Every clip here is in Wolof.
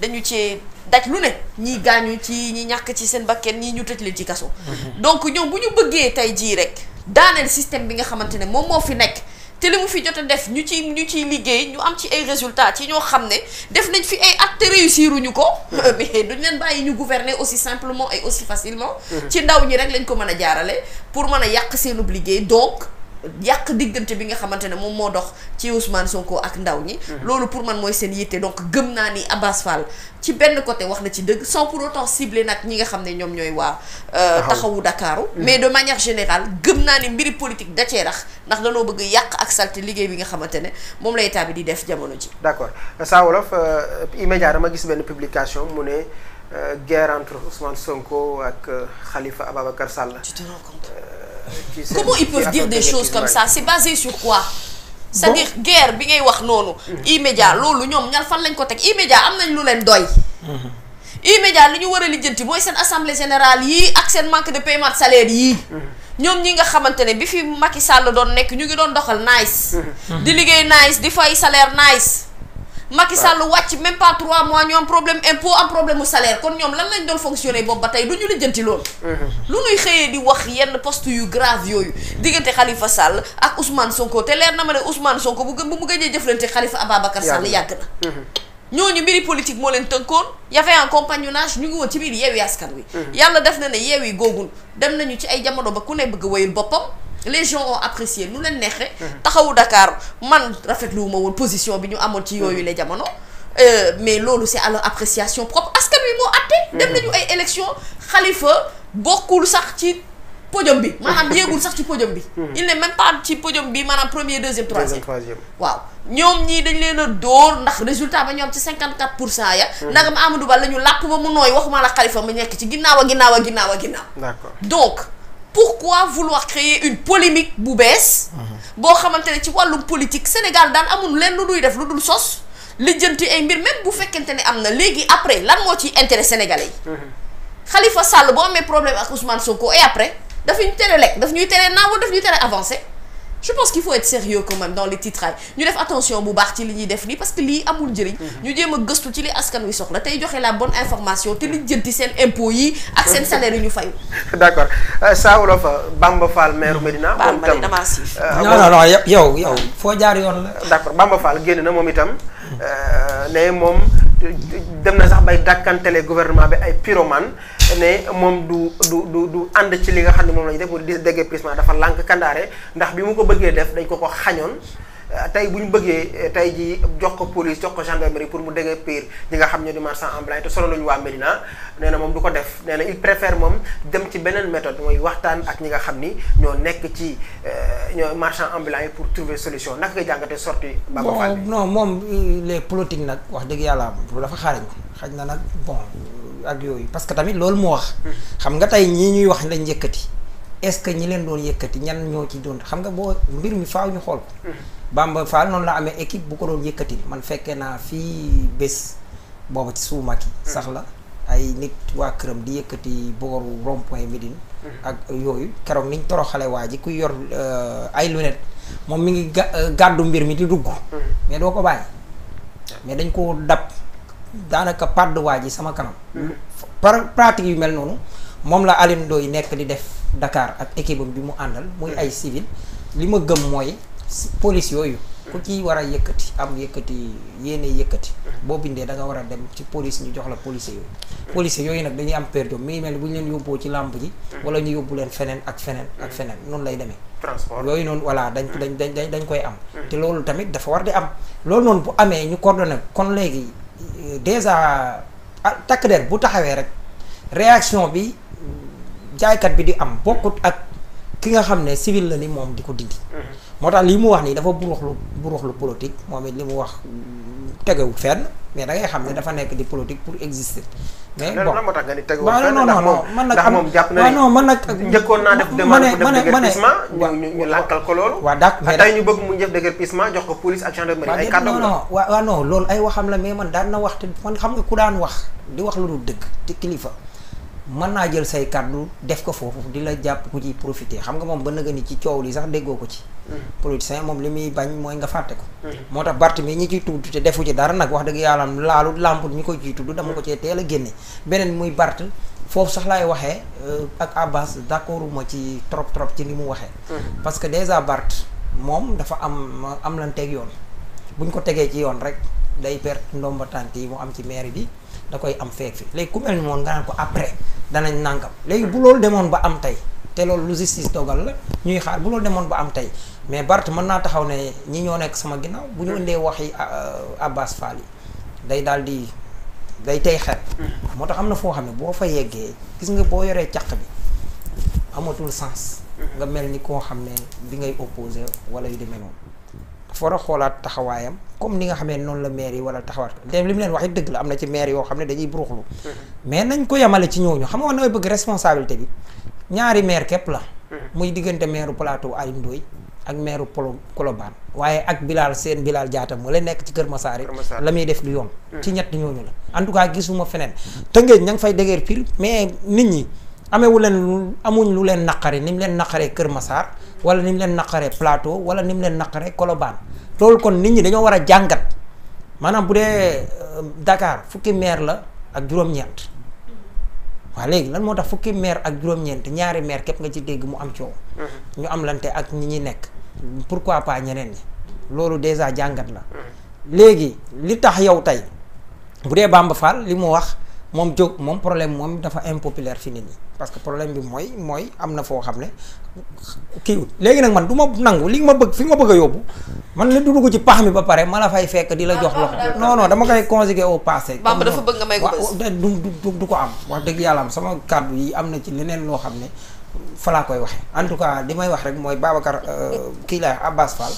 dañu ci daj lu ne ñii gaañu ci ñi ñàkk ci seen bakken ñii ñu tëj leen ci kaso mhm. donc ñoom bu ñu bëggee tey jii rek daaneel système bi nga xamante ne moom moo fi nekk te li mu fi jot a def ñu ci ñu ciy liggéey ñu am ci ay résultat ci ñoo xam ne def nañ fi ay at te réussir uñu ko mhm. mais duñ leen bàyyi ñu gouverner aussi simplement ay aussi facilement mhm. ci ndaw ñi rek lañ ko mën a jaarale pour mën a yàq seenub liggéey donc yàq diggante bi nga xamante ne moom moo dox ci Ousmane Sonko ak ndaw ñi. Mhm. loolu pour man mooy seen yitte donc gëm naa ni Abbas Fall ci benn côté wax na ci dëgg sans pour autant nag ñi nga xam ne ñoom ñooy waa. Euh, taxawu Dakaaru mhm. mais de manière générale gëm naa ni mbiri politique da cee rax ndax danoo bëgg yàq ak salte liggéey bi nga xamante ne moom la état bi di def jamono ji. d'accord Saa Wolof euh, immédiat dama gis benn publication mu ne euh, guerre entre Ousmane Sonko ak Khalifa Ababacar Sall. tu te rends comment ils peuvent dire des choses comme ça c'est basé sur quoi c'est-à-dire bi ngay wax noonu immédiat loolu ñoom ñal fan lañ ko teg immédiat am nañ lu leen doy immédiat mm-hmm. li ñu war a lijjanti mooy seen assemblée générale yi ak seen manque de paiement de salaire yi mm-hmm. ñoom ñi nga xamante ne bi fi Macky Sall doon nekk ñu ngi doon doxal nice mm-hmm. di liggéey nice di fay salaire nice Macky Sall wàcc même part 3 mois ñu am problème impôt am problème salaire kon ñoom lan lañ doon fonctionner boobu ba tey du ñu lijjanti loolu. Mm-hmm. lu ñuy xëyee di wax yenn poste yu grave yooyu diggante Khalifa Sall ak Ousmane Sonko te leer na ma ne Ousmane Sonko bu gë bu mu gëjee jëflante Khalifa Ababacar Sall yàgg na. Mm-hmm. ñooñu mbiri politique moo leen tënkoon yafee en compagnonnage ñu ngi woon ci biir yeewi askan wi. Mm-hmm. yàlla def na ne yeewi googul dem nañu ci ay jamono ba ku ne bëgg wayul boppam. les gens ont apprécié nu leen neexee. taxawu Dakar man rafetlu wu ma woon position bi ñu amoon ci yooyu la jamono. Euh, mais loolu c'est à leur appréciation propre askan wi moo àtte. dem nañu ay élection Khalifa bokkul sax ci podium bi maanaam yéegul sax ci podium bi. Mhm. il n'est même pas ci podium bi maanaam premier deuxième troisième. waaw ñoom ñii dañ leen a dóor ndax résultat ba ñoom ci 54 pour cent ya. Mhm. nagam Amadou Ba la ñu làpp ba mu nooy waxuma la Khalifa mu nekk ci ginnaaw a a ginnaaw a ginnaaw. d'accord donc. pourquoi vouloir créer une polémique bu bees. Mhm. boo xamante ne ci wàllum politique Sénégal daan amul leen lu duy def lu dul sos lijjanti ay mbir même bu fekkante ne am na léegi après lan moo ci intérêt sénégalais xalifa mhm. Khalifa Sall boo amee problème ak Ousmane Sonko et après daf ñu tere lekk daf ñuy tere naaw daf ñu tere avancé. je pense qu'il faut être sérieux quand dans les titrailles ñu def attention bu baax ci li ñuy def nii parce que lii amul njëriñ mhm. ñu jéem a gëstu ci li askan wi soxla tey joxe la bonne information te liñ jënti seen impôts yi ak seen salaire yi ñu fayu d'accord euh, Saa Wolof Bamba Fall maire mhm. Médina moom itam damaa siif euh, non non non yow yow foo jaar yoon la d'accord Bamba Fall génn na moom itam mhm. euh, ne moom dem na sax bay dàkkantele gouvernement bi ay pyromane ne moom du du du du ànd ci li nga xam ne moom lañu ñu def mu di déggee Prisma dafa lànk kandaare ndax bi mu ko bëggee def dañ ko ko xañoon Euh, tey bu ñu bëggee euh, tey ji jox ko police jox ko gendarmerie pour mu déggee pire ñi nga xam ñoo di marchand ambulant te solo lañu waa Médina nee na moom du ko def nee na il préfère moom dem ci beneen méthode mooy waxtaan ak ñi nga xam ni ñoo nekk ci euh, ñoo marchand ambulant yi pour trouver solution naka nga jàngatee sorti Baba Fall non moom les politiques nag wax dëgg yàlla dafa xaarañ xaj na nag bon ak yooyu parce que tamit loolu moo wax hmm. xam nga tey ñii ñuy wax lañ njëkkati est-ce que ñi leen doon yëkkati ñan ñoo ci doon xam nga boo mbir mi faaw ñu xool ko. Bamba noonu laa amee équipe bu ko doon yëkkati man fekkee naa fii bés booba ci suuf Macky mm. sax la ay nit waa këram di yëkkati booru rond point Médine mm. ak yooyu keroog niñ toroxale waa ji kuy yor euh, ay lunettes moom mi ngi euh, gàddu mbir mi di dugg. Mm. mais doo ko bàyyi. mais dañ ko dab daanaka pàdd waa ji sama kanam. par pratique yu mel noonu moom la Alioune Ndoye nekk di def. Dakar ak équipe bi mu àndal muy ay civil li ma gëm mooy police yooyu ku ci war a yëkkati am yëkkati yéene yëkkati boo bindee da nga war a dem ci police ñu jox la policier yooyu policier yooyu nag dañuy am perte mi ngi mel bu ñu leen yóbboo ci làmb ji wala ñu yóbbu leen feneen ak feneen ak feneen noonu lay demee transport yooyu noonu voilà dañ dañ dañ dañ koy am hmm. te loolu tamit dafa war di am loolu noonu bu amee ñu coordonné kon léegi euh, déjà ah, takk der bu taxawee rek réaction bi jaaykat bi di am bokkut ak ki nga xam ne civil la ni moom di ko dindi. Mhm. moo tax lii mu wax nii dafa buruxlu buruxlu politique moom it li mu wax tegewul fenn mais da ngay xam ne dafa nekk di politique pour exister. mais bon lan moo tax nga man nag ndax moom jàpp na ni non man nag njëkkoon naa def demande pour def déguerpissement ñu ñu lànkal ko loolu waaw d'accord mu def déguerpissement jox ko police ak gendarmerie ay kàddoom la non waaw non loolu man daan na wax te man xam nga ku daan wax di wax lu dul dëkk te kilifa mën naa jël say kàddu def ko foofu di la jàpp ku ci profité xam nga moom ba nga ni ci coow li sax déggoo ko ci. Mm. politicien moom li muy bañ mooy nga fàtte ko. Mm. moo tax barte mi ñi ciy tudd te defu ci dara wax dëgg yàlla laalu làmput ñu ko ciy tudd dama ko cee teel a génne. beneen muy barte foofu sax laay waxee euh, ak Abbas d'accorduma ci trop trop ci li mu waxee. Mm. parce que déjà Bart moom dafa am am lan teg yoon buñ ko tegee ci yoon rek day perte ndomba yi mu am ci maire bi da koy am feek fi léegi ku mel ni ko après. danañ nàngam léegi bu loolu demoon ba am tey te loolu lu justice dogal la ñuy xaar bu loolu demoon ba am tey mais Bart mën naa taxaw ne ñi ñoo nekk sama ginnaaw bu ñu indee waxi Abbas Fall yi day daal di day tey xel. Mm-hmm. moo tax am na foo xam ne boo fa yeggee gis nga boo yoree caq bi amatul sens. Mm-hmm. nga mel ni koo xam ne bi ngay opposé wala yu demee noonu. dafa war a xoolaat taxawaayam comme ni nga xamee noonu la maire yi war a taxawaat te li mu leen wax it dëgg la am na ci maire yoo xam ne dañuy buruxlu mm-hmm. mais nañ ko yemale ci ñooñu xam nga nooy bëgg la mm-hmm. muy diggante maire la nekk ci Kër Massar la muy def du yomb mm-hmm. ci ñett ñooñu la en tout cas gisuma feneen tëngéej ña ngi fay dégeer pile mais nit ñi amewu amuñ lu leen naqare ni mu leen naqaree Kër Massar wala ni mu leen naqaree Plateau wala ni mu leen loolu kon nit ñi dañoo war a jàngat maanaam bu dee euh, Dakar fukki maire la ak juróom-ñeent waaw léegi lan moo tax fukki maire ak juróom-ñeent ñaari meer képp nga ci dégg mu am coow. Mm-hmm. ñu am lante ak ñi ñi nekk. pourquoi pas ñeneen ñi loolu déjà jàngat la. Mm-hmm. léegi li tax yow tey bu dee Bamba Fall li mu wax. moom jóg moom problème moom dafa impopulaire fi nit ñi parce que problème bi mooy mooy am na foo xam ne kiiwul léegi nag man du ma nangu li ma bëgg fi ma bëgg a yóbbu man la du dugg ci pax mi ba pare man la fay fekk di la jox loxo ah, non non dama koy conjuguer au passé bamba dafa bëgg nga may ko bés du du ko am wax dëgg yàlla am sama kàddu yi am na ci leneen loo xam ne falaa koy waxee en tout cas li may wax rek mooy Babacar euh, kii lay Abbas Fall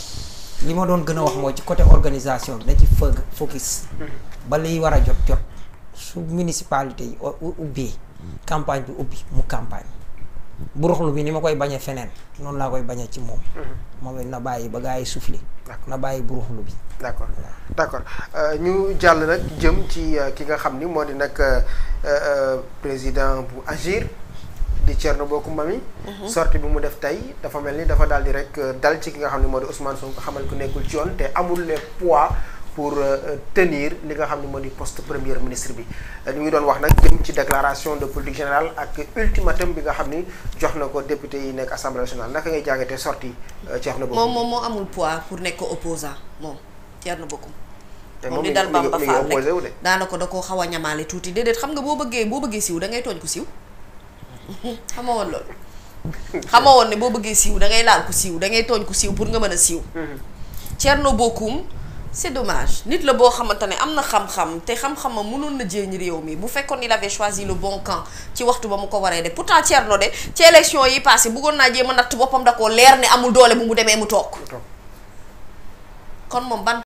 li ma doon gën a wax mooy ci côté organisation bi na ci fëgg focus mm-hmm. ba liy war a jot jot su municipalité yi ubbee campagne bi ubbi mu campagne bu ruxlu bi ni ma koy bañee feneen noonu laa koy bañee ci moom mm-hmm. moom it na bàyyi ba gaa yi soufflé na bàyyi bu bi d' accord d' accord euh, ñu jàll nag jëm ci euh, ki nga xam ni moo di nag euh, président bu Agir di Thierno Bocoum Mami mm-hmm. sorti bi mu def tey dafa mel ni dafa daal di rek dal ci ki nga xam ne moo di Ousmane Sonko xamal ku nekkul ci yoon te amul le poids pour euh, tenir li nga xam ne moo di poste première ministre bi li euh, ngi doon wax nag jëm ci déclaration de politique générale ak ultimatum bi nga xam ni jox na ko député yi nekk assemblée nationale naka nga jàngatee sortie euh, Thierno moom moom moo amul poids pour nekk opposant moom Thierno Bocoum. te moom li dal Bamba Fall rek daanaka da koo xaw a ñamaale tuuti déedéet xam nga boo bëggee boo bëggee siw da ngay tooñ ko siw xamoo woon loolu. xamoo woon ne boo bëggee siw da ngay laal ko siw da ngay tooñ siw pour nga mën a siw. Mm-hmm. Thierno c'est dommage nit la boo xamante ne am na xam-xam te xam-xamam mënoon na jëriñ réew mi bu fekkoon il avait choisi lu bon camp ci waxtu ba mu ko waree de pourtant Thierno de ci élection yi passé bëggoon naa jéem a natt boppam da koo leer ne amul doole bu mu demee mu toog kon moom ban